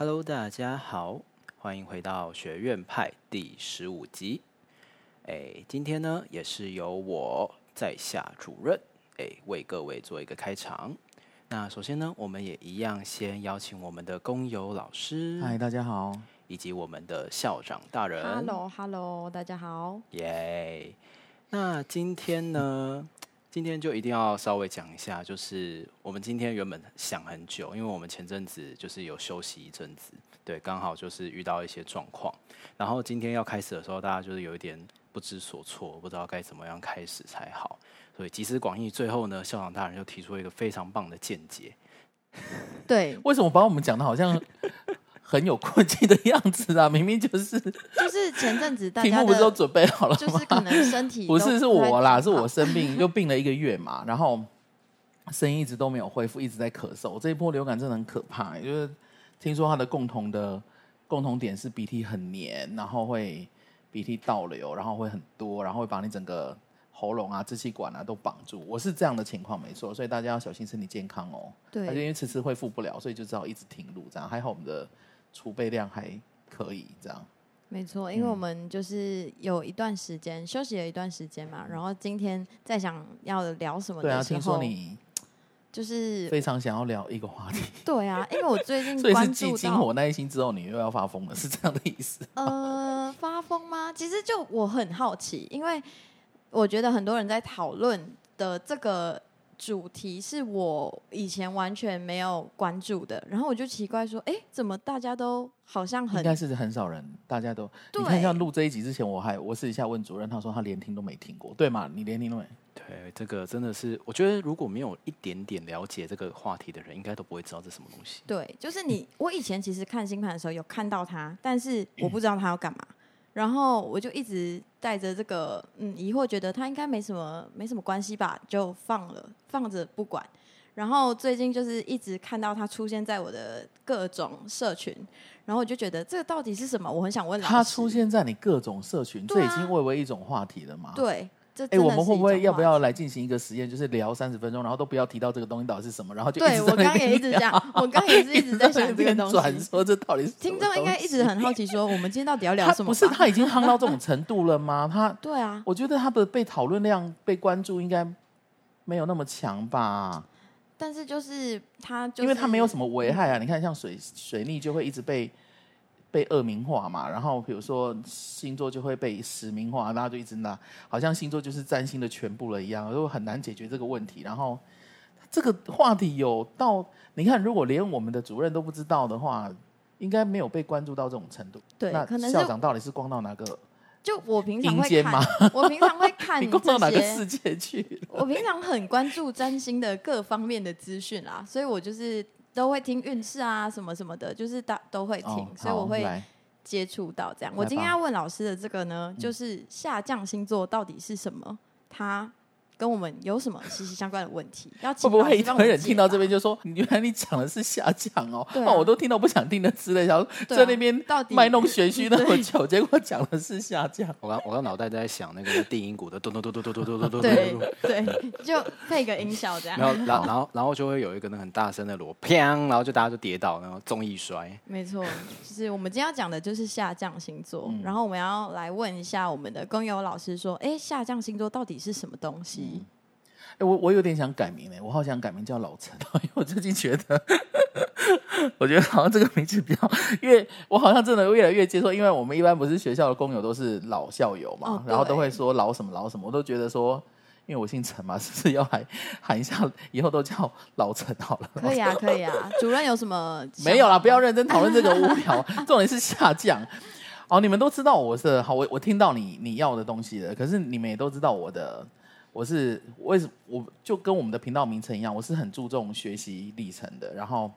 Hello，大家好，歡迎回到學院派第十五集。哎，今天呢也是由我在下主任，哎，為各位做一個開場。那首先呢，我們也一樣先邀請我們的工友老師，嗨，大家好，以及我們的校長大人，Hello，Hello，Hello，大家好，耶、yeah。那今天呢？ 今天就一定要稍微講一下，就是我們今天原本想很久，因為我們前陣子就是有休息一陣子，對，剛好就是遇到一些狀況，然後今天要開始的時候，大家就是有一點不知所措，不知道該怎麼樣開始才好，所以集思廣益，最後呢，校長大人就提出了一個非常棒的見解。對，為什麼把我們講得好像？ 很有困境的樣子啊！明明就是就是前陣子大家幕不是都準備好了嗎？就是可能身體不，不是是我啦，是我生病，又 病了一個月嘛，然後聲音一直都沒有恢復，一直在咳嗽。我這一波流感真的很可怕，欸，因、就、為、是、聽說它的共同的共同點是鼻涕很黏，然後會鼻涕倒流，然後會很多，然後會把你整個喉嚨啊、支氣管啊都綁住。我是這樣的情況沒錯，所以大家要小心身體健康哦。對，而且因為遲遲恢復不了，所以就只好一直停錄。這樣還好，我們的。儲備量還可以，這樣沒錯，因為我們就是有一段時間、嗯、休息了一段時間嘛，然後今天在想要聊什麼？對啊，聽說你就是非常想要聊一個話題。對啊，因為我最近關注到，所以是激我耐心之後，你又要發瘋了，是這樣的意思？呃，發瘋嗎？其實就我很好奇，因為我覺得很多人在討論的這個。主題是我以前完全沒有關注的。然後我就奇怪說，哎，怎麼大家都好像很應該是很少人，大家都對你看一下錄這一集之前，我還我試一下問主任，他說他連聽都沒聽過，對嗎？你連聽都沒？對，這個真的是我覺得如果沒有一點點了解這個話題的人，應該都不會知道這什麼東西。對，就是你我以前其實看星盤的時候有看到他，但是我不知道他要幹嘛。嗯然後我就一直帶着這個嗯疑惑，覺得他應該沒什麼沒什麼關係吧，就放了放着不管。然後最近就是一直看到他出現在我的各種社群，然後我就覺得這個到底是什麼？我很想問。他出現在你各種社群，啊、這已經蔚為一種話題了嘛？對。哎、欸，我們會不會要不要來進行一個實驗？就是聊三十分鐘，然後都不要提到這個東西到底是什麼，然後就對，我剛，剛也一直講， 我剛，剛也是一直在想這個東西，轉說 這到底是聽眾應該一直很好奇，說我們今天到底要聊什麼？不是他已經夯到這種程度了嗎？他 對啊，我覺得他的被討論量、被關注應該沒有那麼強吧。但是就是他、就是，因為他沒有什麼危害啊。你看，像水水逆就會一直被。被二名化嘛，然後比如說星座就會被實名化，然後就一直那，好像星座就是占星的全部了一樣，就很難解決這個問題。然後這個話題有到，你看如果連我們的主任都不知道的話，應該沒有被關注到這種程度。對，那校長到底是逛到哪個？就我平常會看，我平常會看這 你逛到哪個世界去。我平常很關注占星的各方面的資訊啊，所以我就是。都會聽運勢啊，什麼什麼的，就是大都會聽，oh, 所以我會接觸到這樣。好我今天要問老師的這個呢，吧就是下降星座到底是什麼？它。跟我們有什麼息息相關的問題？會不會很多人聽到這邊就說：“原來你講的是下降哦？”我都聽到不想聽的之類，然後在那邊到底賣弄玄虛那麼久，結果講的是下降。我剛我剛腦袋在想那個定音鼓的咚咚咚咚咚咚咚咚咚，嘟，對，就配個音效這樣。然後然後然後就會有一個那很大聲的鑼砰，然後就大家就跌倒，然後綜藝摔。沒錯，就是我們今天要講的就是下降星座，然後我們要來問一下我們的工友老師說：“哎，下降星座到底是什麼東西？”哎、嗯，欸，我我有點想改名呢，我好想改名叫老陳，因為我最近覺得， 我覺得好像這個名字比較，因為我好像真的越來越接受，因為我們一般不是學校的工友都是老校友嘛，哦、然後都會說老什麼老什麼，我都覺得說，因為我姓陳嘛，是不是要喊喊一下，以後都叫老陳好了？可以啊，可以啊， 主任有什麼？沒有啦，不要認真討論這個無聊， 重點是下降。哦，你們都知道我是好，我我聽到你你要的東西了，可是你們也都知道我的。我是為什我，我就跟我們的頻道名稱一樣，我是很注重學習歷程的。然後，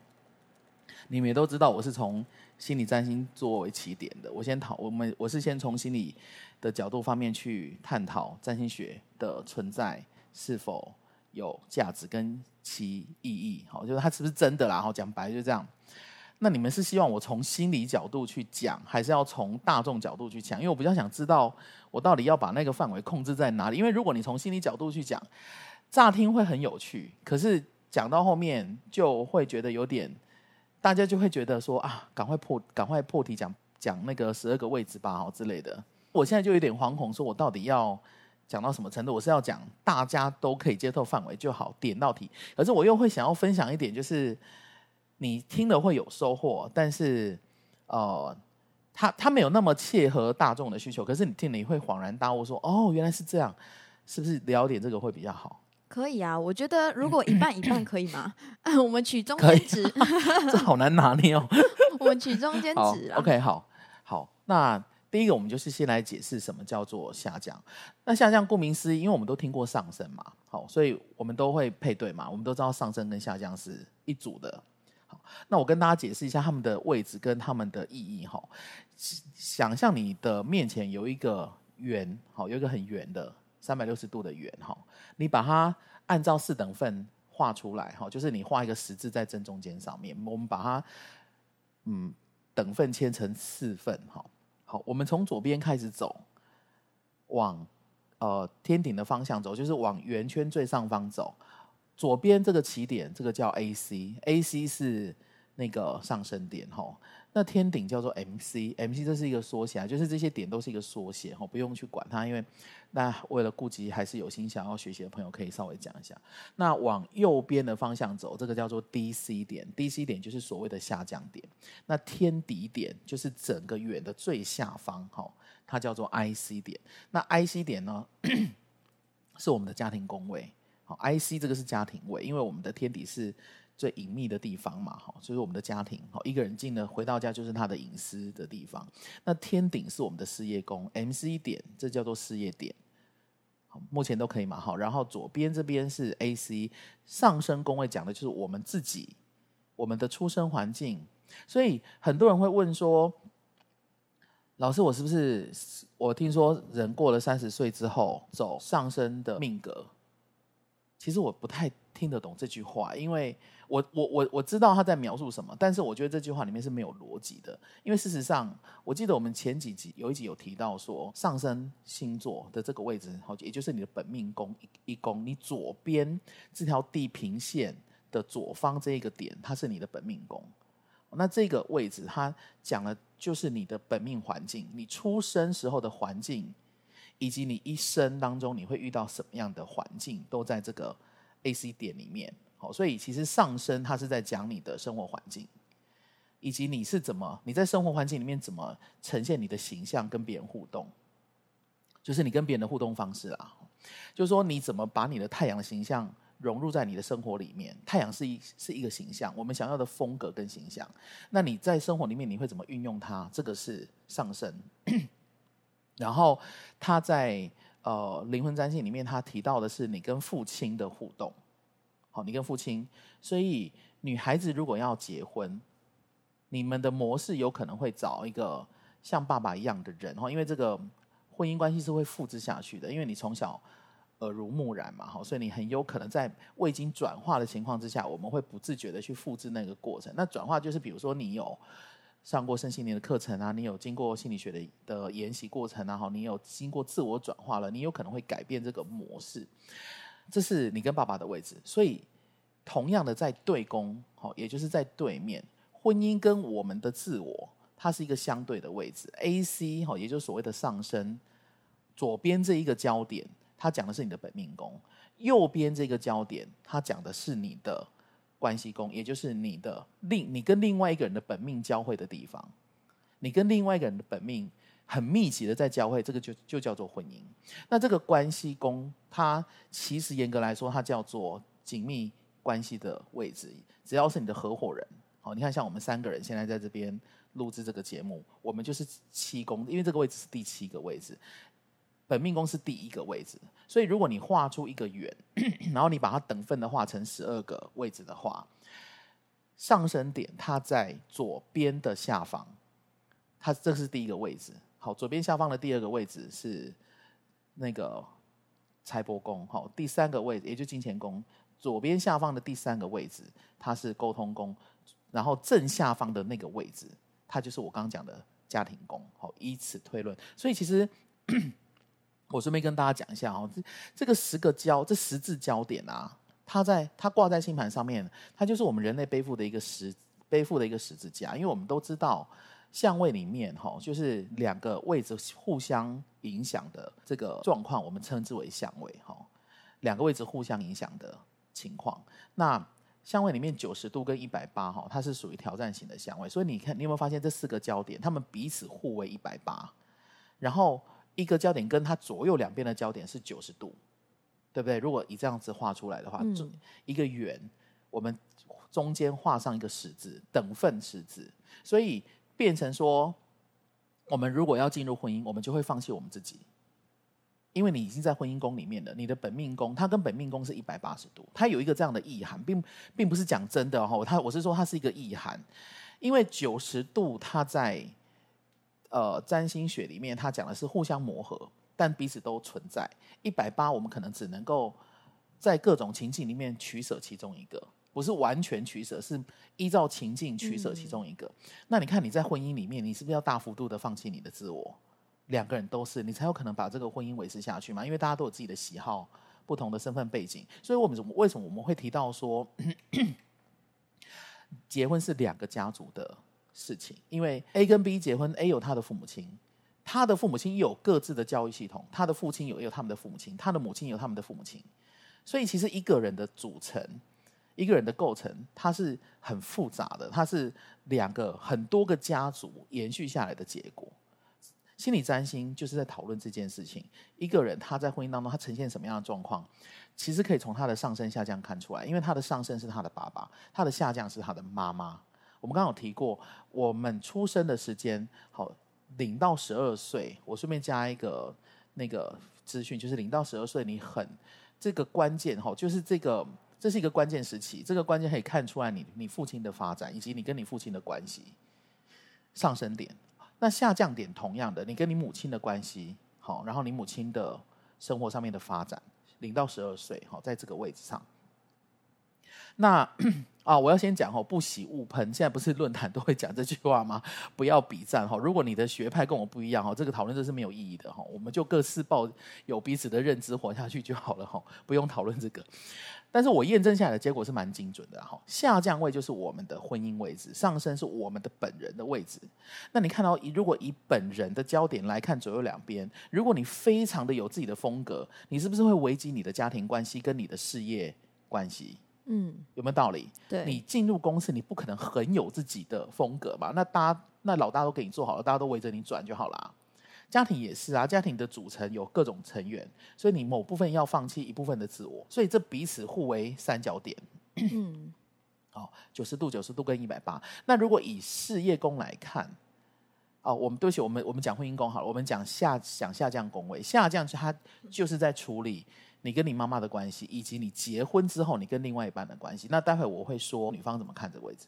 你們也都知道，我是從心理占星作為起點的。我先討我們我是先從心理的角度方面去探討占星學的存在是否有價值跟其意義，好，就是它是不是真的啦。然後講白就這樣。那你們是希望我從心理角度去講，還是要從大眾角度去講？因為我比較想知道，我到底要把那個範圍控制在哪裡？因為如果你從心理角度去講，乍聽會很有趣，可是講到後面就會覺得有點，大家就會覺得說啊，趕快破，趕快破題講，講講那個十二個位置吧，好之類的。我現在就有點惶恐，說我到底要講到什麼程度？我是要講大家都可以接受範圍就好，點到題，可是我又會想要分享一點，就是。你聽了會有收穫，但是，呃，它它沒有那麼切合大眾的需求。可是你聽了你會恍然大悟，說：“哦，原來是這樣。”是不是聊點這個會比較好？可以啊，我覺得如果一半一半可以嗎？我們取中間值，這好難拿捏哦。我們取中間值以啊，OK，好，好。那第一個，我們就是先來解釋什麼叫做下降。那下降顧名思義，因為我們都聽過上升嘛，好，所以我們都會配對嘛，我們都知道上升跟下降是一組的。那我跟大家解釋一下他們的位置跟他們的意義哈。想象你的面前有一個圓，好，有一個很圓的三百六十度的圓哈。你把它按照四等份畫出來哈，就是你畫一個十字在正中間上面。我們把它嗯等份切成四份哈。好，我們從左邊開始走，往呃天頂的方向走，就是往圓圈最上方走。左邊這個起點，這個叫 AC，AC AC 是那個上升點哈。那天頂叫做 MC，MC MC 這是一個縮寫，就是這些點都是一個縮寫哈，不用去管它。因為那為了顧及，還是有心想要學習的朋友，可以稍微講一下。那往右邊的方向走，這個叫做 DC 點，DC 點就是所謂的下降點。那天底點就是整個圓的最下方哈，它叫做 IC 點。那 IC 點呢，是我們的家庭宮位。I C 這個是家庭位，因為我們的天底是最隱秘的地方嘛，哈，所以我們的家庭，好，一個人進了，回到家就是他的隱私的地方。那天頂是我們的事業宮，M C 點，這叫做事業點。好，目前都可以嘛，好，然後左邊這邊是 A C 上升宮位，講的就是我們自己，我們的出生環境。所以很多人會問說，老師，我是不是我聽說人過了三十歲之後走上升的命格？其實我不太聽得懂這句話，因為我我我我知道他在描述什麼，但是我覺得這句話裡面是沒有邏輯的。因為事實上，我記得我們前幾集有一集有提到說，上升星座的這個位置，好，也就是你的本命宮，一宮，你左邊這條地平線的左方這一個點，它是你的本命宮。那這個位置它講的就是你的本命環境，你出生時候的環境。以及你一生當中你會遇到什麼樣的環境，都在這個 AC 點裡面。好，所以其實上升它是在講你的生活環境，以及你是怎麼你在生活環境裡面怎麼呈現你的形象跟別人互動，就是你跟別人的互動方式啦、啊，就是說你怎麼把你的太陽的形象融入在你的生活裡面。太陽是一是一個形象，我們想要的風格跟形象。那你在生活裡面你會怎麼運用它？這個是上升。 然後他在呃靈魂占星裡面，他提到的是你跟父親的互動，好，你跟父親，所以女孩子如果要結婚，你們的模式有可能會找一個像爸爸一樣的人，哈，因為這個婚姻關係是會複製下去的，因為你從小耳濡目染嘛，好，所以你很有可能在未經轉化的情況之下，我們會不自覺的去複製那個過程。那轉化就是，比如說你有。上過身心靈的課程啊，你有經過心理學的的研習過程啊，好，你有經過自我轉化了，你有可能會改變這個模式。這是你跟爸爸的位置，所以同樣的在對宮，好，也就是在對面，婚姻跟我們的自我，它是一個相對的位置。AC 哈，也就是所謂的上升，左邊這一個焦點，它講的是你的本命宮；右邊這個焦點，它講的是你的。關係宮，也就是你的另你跟另外一個人的本命交匯的地方，你跟另外一個人的本命很密集的在交匯，這個就就叫做婚姻。那這個關係宮，它其實嚴格來說，它叫做緊密關係的位置。只要是你的合夥人，好，你看像我們三個人現在在這邊錄製這個節目，我們就是七宮，因為這個位置是第七個位置。本命宮是第一個位置，所以如果你畫出一個圓，然後你把它等分的畫成十二個位置的話，上升點它在左邊的下方，它這是第一個位置。好，左邊下方的第二個位置是那個財帛宮，好，第三個位置也就金錢宮。左邊下方的第三個位置它是溝通宮，然後正下方的那個位置，它就是我剛剛講的家庭宮。好，以此推論，所以其實。 我順便跟大家講一下哦，這這個十個交這十字交點啊，它在它掛在星盤上面，它就是我們人類背負的一個十背負的一個十字架。因為我們都知道相位裡面哈，就是兩個位置互相影響的這個狀況，我們稱之為相位哈，兩個位置互相影響的情況。那相位裡面九十度跟一百八哈，它是屬於挑戰型的相位，所以你看你有沒有發現這四個交點，他們彼此互為一百八，然後。一個交點跟它左右兩邊的交點是九十度，對不對？如果以這樣子畫出來的話，中、嗯、一個圓，我們中間畫上一個十字，等分十字，所以變成說，我們如果要進入婚姻，我們就會放棄我們自己，因為你已經在婚姻宮裡面了。你的本命宮，它跟本命宮是一百八十度，它有一個這樣的意涵，並並不是講真的哦，它我是說它是一個意涵，因為九十度它在。呃，占星學裡面，它講的是互相磨合，但彼此都存在。一百八，我們可能只能夠在各種情境裡面取捨其中一個，不是完全取捨，是依照情境取捨其中一個。嗯嗯。那你看，你在婚姻裡面，你是不是要大幅度的放棄你的自我？兩個人都是，你才有可能把這個婚姻維持下去嘛。因為大家都有自己的喜好，不同的身份背景，所以我們為什麼我們會提到說， 結婚是兩個家族的。事情，因為 A 跟 B 結婚，A 有他的父母親，他的父母親也有各自的教育系統，他的父親也有他們的父母親，他的母親也有他們的父母親，所以其實一個人的組成，一個人的構成，它是很複雜的，它是兩個很多個家族延續下來的結果。心理占星就是在討論這件事情，一個人他在婚姻當中他呈現什麼樣的狀況，其實可以從他的上升下降看出來，因為他的上升是他的爸爸，他的下降是他的媽媽。我們剛剛有提過，我們出生的時間，好，零到十二歲。我順便加一個那個資訊，就是零到十二歲，你很這個關鍵哈，就是這個這是一個關鍵時期，這個關鍵可以看出來你你父親的發展，以及你跟你父親的關係上升點。那下降點同樣的，你跟你母親的關係好，然後你母親的生活上面的發展，零到十二歲好，在這個位置上，那。啊，我要先講哦。不喜勿噴。現在不是論壇都會講這句話嗎？不要筆戰哈。如果你的學派跟我不一樣哈，這個討論這是沒有意義的哈。我們就各自抱有彼此的認知活下去就好了哈，不用討論這個。但是我驗證下來的結果是蠻精準的哈。下降位就是我們的婚姻位置，上升是我們的本人的位置。那你看到，如果以本人的焦點來看左右兩邊，如果你非常的有自己的風格，你是不是會危及你的家庭關係跟你的事業關係？嗯，有沒有道理？對，你進入公司，你不可能很有自己的風格吧？那大家，那老大都給你做好了，大家都圍着你轉就好了。家庭也是啊，家庭的組成有各種成員，所以你某部分要放棄一部分的自我，所以這彼此互為三角點。嗯，好、哦，九十度，九十度跟一百八。那如果以事業宮來看，哦，我們對不起，我們我們講婚姻宮好了，我們講下講下降宮位，下降它就是在處理。你跟你媽媽的關係，以及你結婚之後你跟另外一半的關係，那待會我會說女方怎麼看這位置。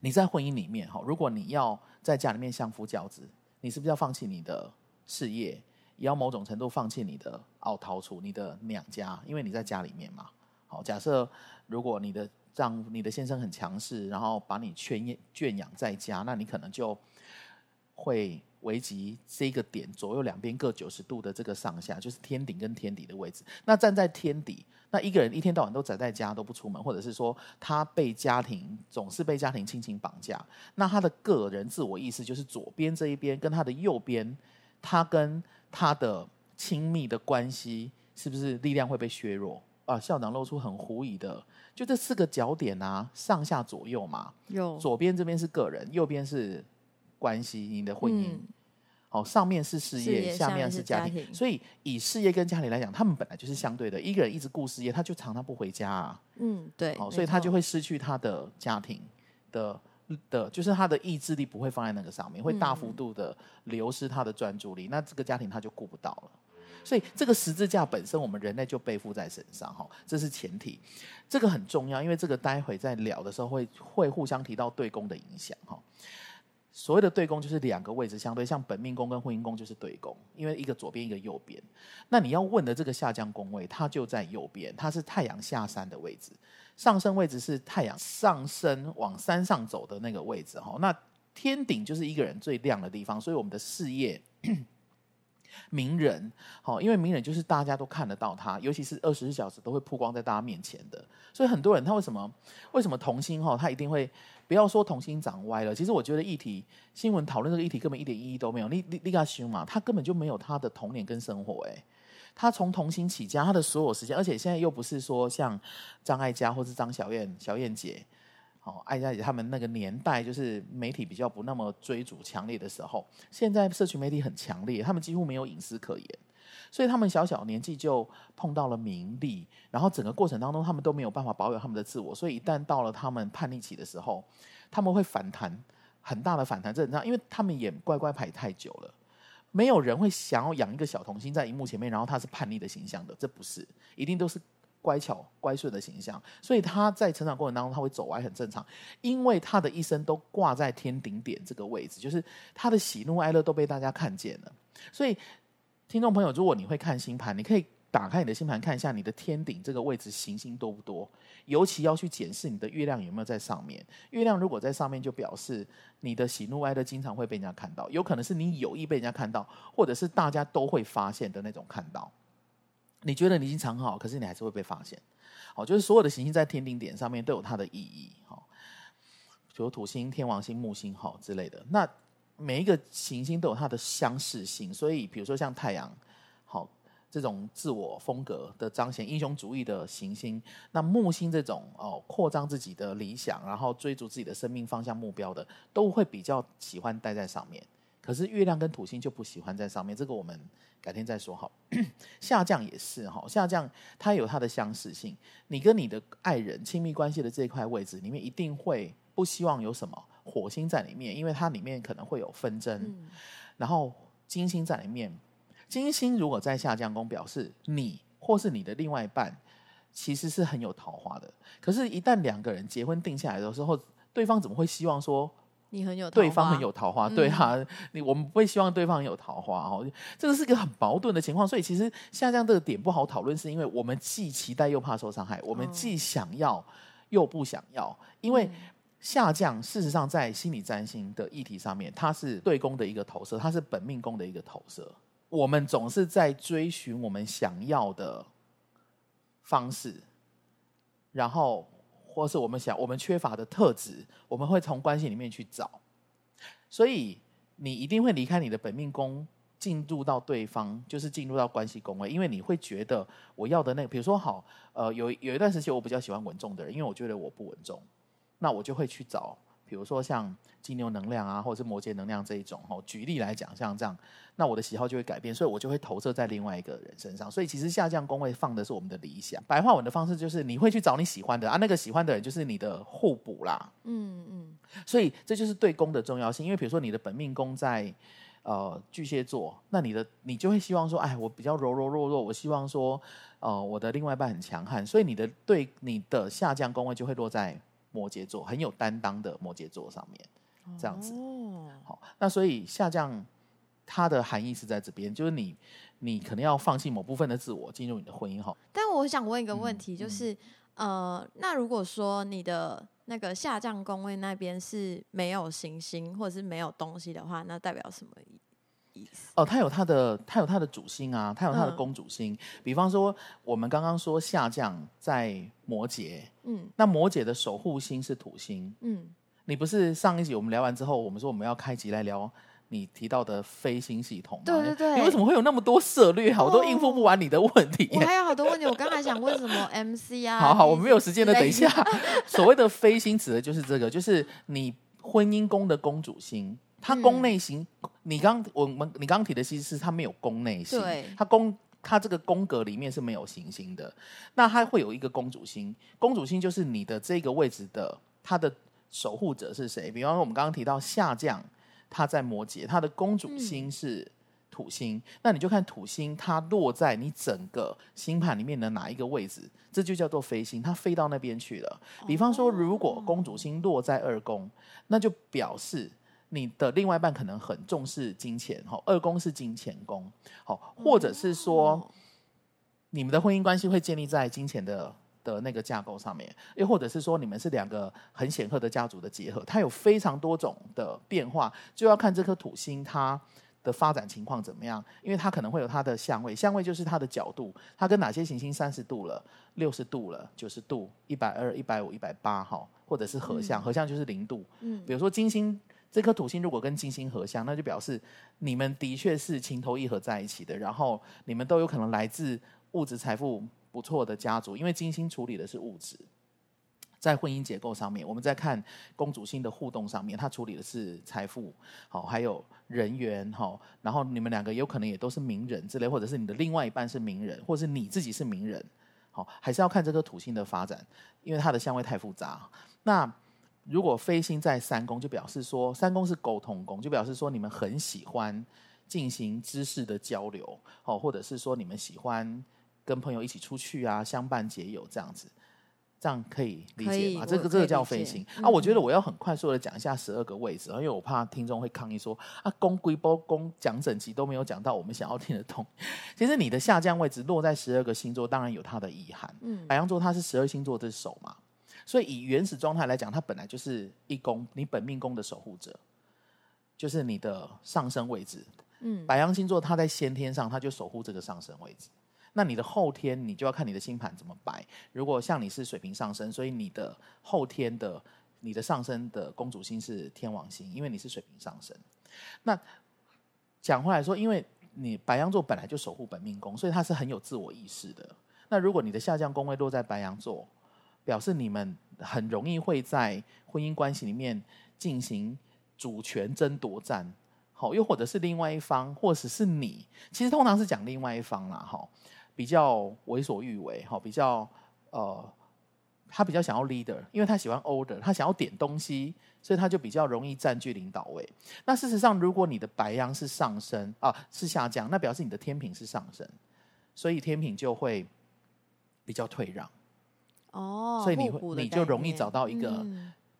你在婚姻裡面哈，如果你要在家裡面相夫教子，你是不是要放棄你的事業，也要某種程度放棄你的奧陶處、你的娘家，因為你在家裡面嘛。好，假設如果你的丈夫、你的先生很強勢，然後把你圈養圈養在家，那你可能就。會危及這個點，左右兩邊各九十度的這個上下，就是天頂跟天底的位置。那站在天底，那一個人一天到晚都宅在家都不出門，或者是說他被家庭總是被家庭親情綁架，那他的個人自我意識就是左邊這一邊跟他的右邊，他跟他的親密的關係是不是力量會被削弱？啊，校長露出很狐疑的，就這四個角點啊，上下左右嘛，左邊這邊是個人，右邊是關係，你的婚姻，嗯、哦，上面是事業，事業下面是家庭，家庭，所以以事業跟家庭來講，他們本來就是相對的。一個人一直顧事業，他就常常不回家啊，嗯，對，哦、沒錯，所以他就會失去他的家庭的的，就是他的意志力不會放在那個上面，會大幅度的流失他的專注力，嗯、那這個家庭他就顧不到了，了。所以這個十字架本身，我們人類就背負在身上哈，這是前提，這個很重要，因為這個待會在聊的時候會會，會互相提到對宮的影響哈。所謂的對宮就是兩個位置相對，像本命宮跟婚姻宮就是對宮，因為一個左邊一個右邊。那你要問的這個下降宮位，它就在右邊，它是太陽下山的位置，上升位置是太陽上升往山上走的那個位置哈。那天頂就是一個人最亮的地方，所以我們的事業 名人好，因為名人就是大家都看得到他，尤其是二十四小時都會曝光在大家面前的。所以很多人他為什麼為什麼童星哈，他一定會。不要說童星長歪了，其實我覺得議題新聞討論這個議題根本一點意義都沒有。你你你想嘛，他根本就沒有他的童年跟生活，哎，他從童星起家，他的所有時間，而且現在又不是說像張艾嘉或是張小燕小燕姐，哦，艾嘉姐他們那個年代，就是媒體比較不那麼追逐強烈的時候，現在社群媒體很強烈，他們幾乎沒有隱私可言。所以他們小小年紀就碰到了名利，然後整個過程當中他們都沒有辦法保有他們的自我。所以一旦到了他們叛逆期的時候，他們會反彈很大的反彈，這很正常，因為他們也乖乖牌太久了。沒有人會想要養一個小童星在熒幕前面，然後他是叛逆的形象的，這不是一定都是乖巧乖順的形象。所以他在成長過程當中他會走歪，很正常，因為他的一生都掛在天頂點這個位置，就是他的喜怒哀樂都被大家看見了，所以。聽眾朋友，如果你會看星盤，你可以打開你的星盤看一下你的天頂這個位置行星多不多，尤其要去檢視你的月亮有沒有在上面。月亮如果在上面，就表示你的喜怒哀樂經常會被人家看到，有可能是你有意被人家看到，或者是大家都會發現的那種看到。你覺得你已經藏好，可是你還是會被發現。好，就是所有的行星在天頂點上面都有它的意義，哈，比如土星、天王星、木星、好之類的那。每一個行星都有它的相似性，所以比如說像太陽，好，這種自我風格的彰顯、英雄主義的行星，那木星這種哦擴張自己的理想，然後追逐自己的生命方向目標的，都會比較喜歡待在上面。可是月亮跟土星就不喜歡在上面，這個我們改天再說好。好， 下降也是哈、哦，下降它有它的相似性。你跟你的愛人親密關係的這一塊位置，裡面一定會不希望有什麼。火星在裡面，因為它裡面可能會有紛爭。嗯、然後金星在裡面，金星如果在下降宮，表示你或是你的另外一半其實是很有桃花的。可是，一旦兩個人結婚定下來的時候，對方怎麼會希望說你很有對方很有桃花？桃花對啊、嗯。你、我們不會希望對方很有桃花哦，這個是一個很矛盾的情況，所以其實下降這個點不好討論，是因為我們既期待又怕受傷害，我們既想要又不想要，哦、因為。下降，事實上，在心理占星的議題上面，它是對宮的一個投射，它是本命宮的一個投射。我們總是在追尋我們想要的方式，然後或是我們想我們缺乏的特質，我們會從關係裡面去找。所以，你一定會離開你的本命宮，進入到對方，就是進入到關係宮位，因為你會覺得我要的那個，比如說好，呃，有有一段時間我比較喜歡穩重的人，因為我覺得我不穩重。那我就會去找，比如說像金牛能量啊，或者是摩羯能量這一種。哈，舉例來講，像這樣，那我的喜好就會改變，所以我就會投射在另外一個人身上。所以其實下降宮位放的是我們的理想。白話文的方式就是，你會去找你喜歡的啊，那個喜歡的人就是你的互補啦。嗯嗯。嗯，所以這就是對宮的重要性，因為比如說你的本命宮在呃巨蟹座，那你的你就會希望說，哎，我比較柔柔弱弱，我希望說，呃，我的另外一半很強悍，所以你的對你的下降宮位就會落在。摩羯座很有擔當的摩羯座上面，這樣子，oh. 好，那所以下降它的含義是在這邊，就是你，你可能要放棄某部分的自我，進入你的婚姻，齁。但我想問一個問題，嗯、就是，呃，那如果說你的那個下降宮位那邊是沒有行星或者是沒有東西的話，那代表什麼意思？哦，他有他的，他有他的主星啊，他有他的宮主星。嗯、比方說，我們剛剛說下降在摩羯，嗯，那摩羯的守護星是土星，嗯。你不是上一集我們聊完之後，我們說我們要開集來聊你提到的飛星系統嗎？對對對。你為什麼會有那麼多策略、啊？哈、哦，我都應付不完你的問題、欸。我還有好多問題，我剛才想問什麼 MC 啊？ 啊好，好好，我沒有時間了，等一下。 所謂的飛星指的就是這個，就是你婚姻宮的宮主星。它宮內星，你剛我們你剛提的其實是它沒有宮內星，對它宮它這個宮格裡面是沒有行星的。那它會有一個宮主星，宮主星就是你的這個位置的它的守護者是誰？比方說我們剛剛提到下降，它在摩羯，它的宮主星是土星。嗯、那你就看土星它落在你整個星盤裡面的哪一個位置，這就叫做飛星，它飛到那邊去了。比方說如果宮主星落在二宮，嗯、那就表示。你的另外一半可能很重視金錢，二宮是金錢宮，好，或者是說，你們的婚姻關係會建立在金錢的的那個架構上面，又或者是說，你們是兩個很顯赫的家族的結合，它有非常多種的變化，就要看這顆土星它的發展情況怎麼樣，因為它可能會有它的相位，相位就是它的角度，它跟哪些行星三十度了、六十度了、九十度、一百二、一百五、一百八，哈，或者是合相，合相，嗯，就是零度，嗯，比如說金星。這顆土星如果跟金星合相，那就表示你們的確是情投意合在一起的。然後你們都有可能來自物質財富不錯的家族，因為金星處理的是物質。在婚姻結構上面，我們在看宮主星的互動上面，它處理的是財富，好、哦、還有人緣，好、哦，然後你們兩個有可能也都是名人之類，或者是你的另外一半是名人，或者是你自己是名人，好、哦，還是要看這顆土星的發展，因為它的相位太複雜。那。如果飛星在三宮，就表示說三宮是溝通宮，就表示說你們很喜歡進行知識的交流，哦，或者是說你們喜歡跟朋友一起出去啊，相伴結友這樣子，這樣可以理解嗎？解這個這個叫飛星啊。我覺得我要很快速的講一下十二個位置，嗯、因為我怕聽眾會抗議說啊，宮規波宮講整集都沒有講到我們想要聽的東西。其實你的下降位置落在十二個星座，當然有它的遺憾。嗯，白羊座它是十二星座之首嘛。所以以原始狀態來講，它本來就是一宮，你本命宮的守護者，就是你的上升位置。嗯，白羊星座它在先天上，它就守護這個上升位置。那你的後天，你就要看你的星盤怎麼擺。如果像你是水瓶上升，所以你的後天的你的上升的宮主星是天王星，因為你是水瓶上升。那講回來說，因為你白羊座本來就守護本命宮，所以它是很有自我意識的。那如果你的下降宮位落在白羊座，表示你們很容易會在婚姻關係裡面進行主權爭奪戰，好，又或者是另外一方，或者是你。其實通常是講另外一方啦，哈，比較為所欲為，好，比較呃，他比較想要 leader，因為他喜歡 order，他想要點東西，所以他就比較容易占據領導位。那事實上，如果你的白羊是上升啊、呃，是下降，那表示你的天秤是上升，所以天秤就會比較退讓。哦，oh, 所以你會你就容易找到一個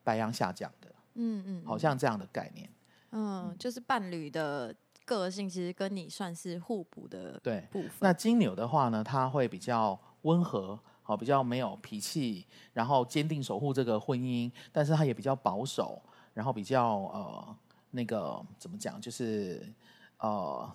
白羊下降的。嗯嗯，好像這樣的概念，嗯，嗯，就是伴侶的個性其實跟你算是互補的部分對。那金牛的話呢，他會比較溫和，好，比較沒有脾氣，然後堅定守護這個婚姻，但是他也比較保守，然後比較呃，那個怎麼講，就是呃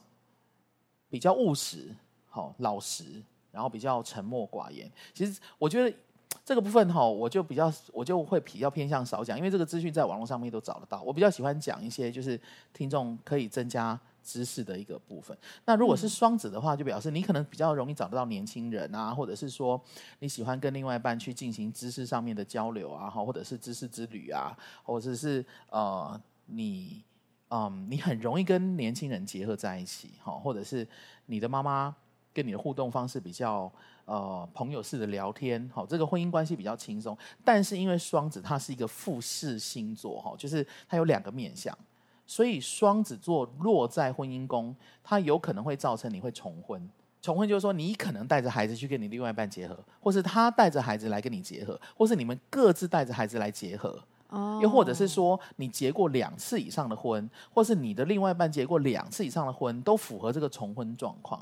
比較務實，好，老實，然後比較沉默寡言。其實我覺得。這個部分哈，我就比較我就會比較偏向少講，因為這個資訊在網絡上面都找得到。我比較喜歡講一些就是聽眾可以增加知識的一個部分。那如果是雙子的話，就表示你可能比較容易找得到年輕人啊，或者是說你喜歡跟另外一半去進行知識上面的交流啊，哈，或者是知識之旅啊，或者是呃，你嗯、呃，你很容易跟年輕人結合在一起，哈，或者是你的媽媽跟你的互動方式比較。呃，朋友式的聊天，好、哦，這個婚姻關係比較輕鬆。但是因為雙子它是一個複式星座，哈、哦，就是它有兩個面向，所以雙子座落在婚姻宮，它有可能會造成你會重婚。重婚就是說，你可能帶着孩子去跟你另外一半結合，或是他帶着孩子來跟你結合，或是你們各自帶着孩子來結合。哦。又或者是說，你結過兩次以上的婚，或是你的另外一半結過兩次以上的婚，都符合這個重婚狀況。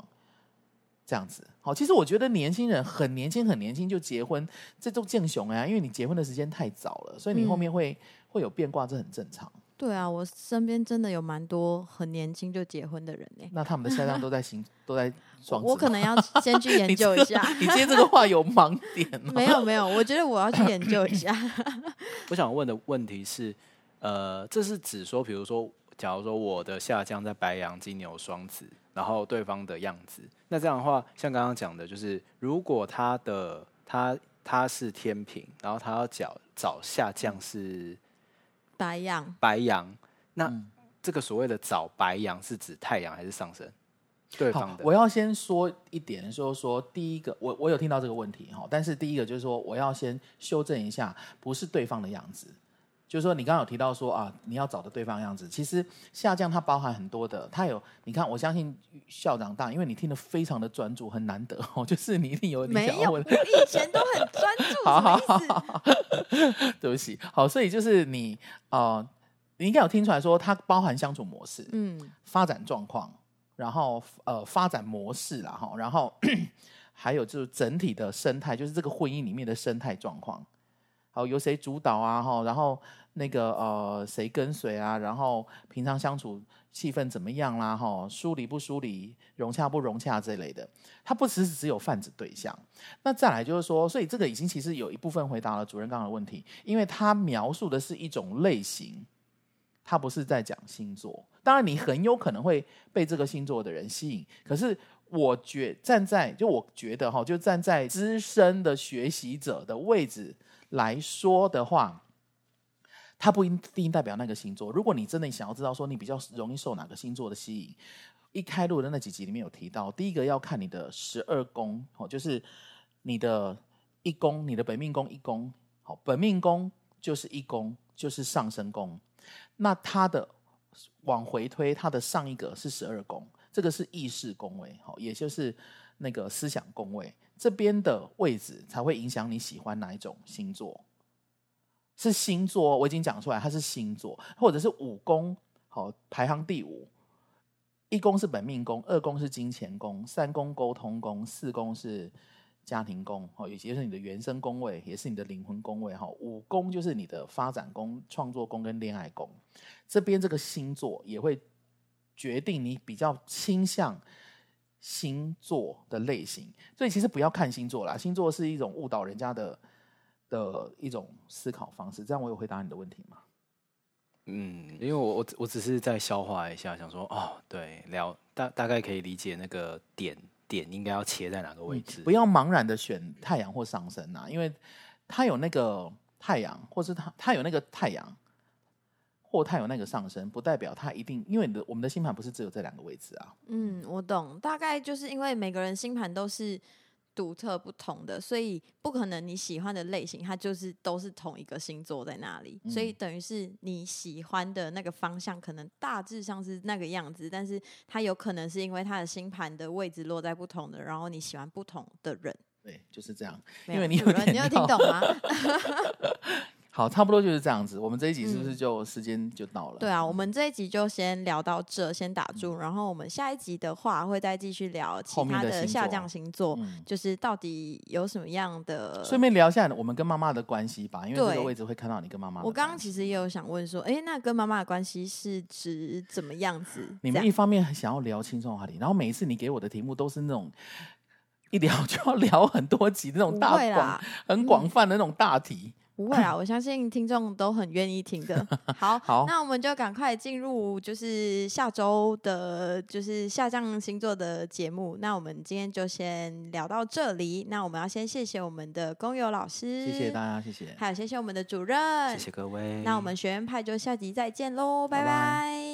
這樣子，好，其實我覺得年輕人很年輕，很年輕就結婚，這種建雄呀、啊，因為你結婚的時間太早了，所以你後面會、嗯、會有變卦，這很正常。對啊，我身邊真的有蠻多很年輕就結婚的人呢。那他們的下降都在行， 都在雙子。我可能要先去研究一下。你，這個、你今天這個話有盲點嗎、啊？ 沒有沒有，我覺得我要去研究一下。 我想問的問題是，呃，這是指說，比如說，假如說我的下降在白羊、金牛、雙子。然後對方的樣子，那這樣的話，像剛剛講的，就是如果他的他他是天平，然後他要找，找下降是白羊，白羊，那這個所謂的找白羊是指太陽還是上升？對方的，我要先說一點，就是說，說第一個，我我有聽到這個問題哈，但是第一個就是說我要先修正一下，不是對方的樣子。就是說，你剛剛有提到說啊，你要找的對方樣子，其實下降它包含很多的，它有你看，我相信校長大，因為你聽得非常的專注，很難得哦。就是你一定有。你想要的，你以前都很專注。好，對不起。好，所以就是你哦、呃，你應該有聽出來說，說它包含相處模式，嗯，發展狀況，然後呃發展模式哈、哦，然後 還有就是整體的生態，就是這個婚姻裡面的生態狀況，好、哦，由誰主導啊哈、哦，然後。那個呃，誰跟誰啊？然後平常相處氣氛怎麼樣啦？哈，疏離不疏離，融洽不融洽這類的，它不只是只有泛指對象。那再來就是說，所以這個已經其實有一部分回答了主任剛剛的問題，因為它描述的是一種類型，它不是在講星座。當然，你很有可能會被這個星座的人吸引。可是我覺站在，就我覺得哈，就站在資深的學習者的位置來說的話。它不一定代表那個星座。如果你真的想要知道說你比較容易受哪個星座的吸引，一開錄的那幾集裡面有提到，第一個要看你的十二宮，好，就是你的一宮，你的本命宮一宮，好，本命宮就是一宮，就是上升宮，那它的往回推，它的上一個是十二宮，這個是意識宮位，也就是那個思想宮位，這邊的位置才會影響你喜歡哪一種星座。是星座，我已經講出來，它是星座，或者是五宮，好、哦，排行第五。一宮是本命宮，二宮是金錢宮，三宮溝通宮，四宮是家庭宮，哦，也就是你的原生宮位，也是你的靈魂宮位，哈、哦。五宮就是你的發展宮、創作宮跟戀愛宮。這邊這個星座也會決定你比較傾向星座的類型，所以其實不要看星座啦，星座是一種誤導人家的的一種思考方式，這樣我有回答你的問題嗎？嗯，因為我我我只是在消化一下，想說哦，對了，大大概可以理解那個點點應該要切在哪個位置，不要茫然的選太陽或上升啊，因為它有那個太陽，或是它它有那個太陽，或它有那個上升，不代表它一定，因為你的我們的星盤不是只有這兩個位置啊。嗯，我懂，大概就是因為每個人星盤都是。獨特不同的，所以不可能你喜歡的類型，它就是都是同一個星座在那裡。嗯、所以等於是你喜歡的那個方向，可能大致上是那個樣子，但是它有可能是因為它的星盤的位置落在不同的，然後你喜歡不同的人。對，就是這樣。沒有因為你有，你有有聽懂嗎、啊？ 好，差不多就是這樣子。我們這一集是不是就、嗯、時間就到了？對啊，我們這一集就先聊到這，先打住。嗯、然後我們下一集的話，會再繼續聊其他的下降星座，星座嗯、就是到底有什麼樣的。順便聊一下我們跟媽媽的關係吧，因為這個位置會看到你跟媽媽。我剛剛其實也有想問說，哎、欸，那跟媽媽的關係是指怎麼樣子？你們一方面很想要聊輕鬆話題，然後每一次你給我的題目都是那種一聊就要聊很多集那種大廣，很廣泛的那種大題。嗯不會啊，我相信聽眾都很願意聽的。 好，好，那我們就趕快進入就是下周的，就是下降星座的節目。那我們今天就先聊到這裡。那我們要先謝謝我們的工友老師，謝謝大家，謝謝。還有謝謝我們的主任，謝謝各位。那我們學院派就下集再見嘍，拜拜。拜拜。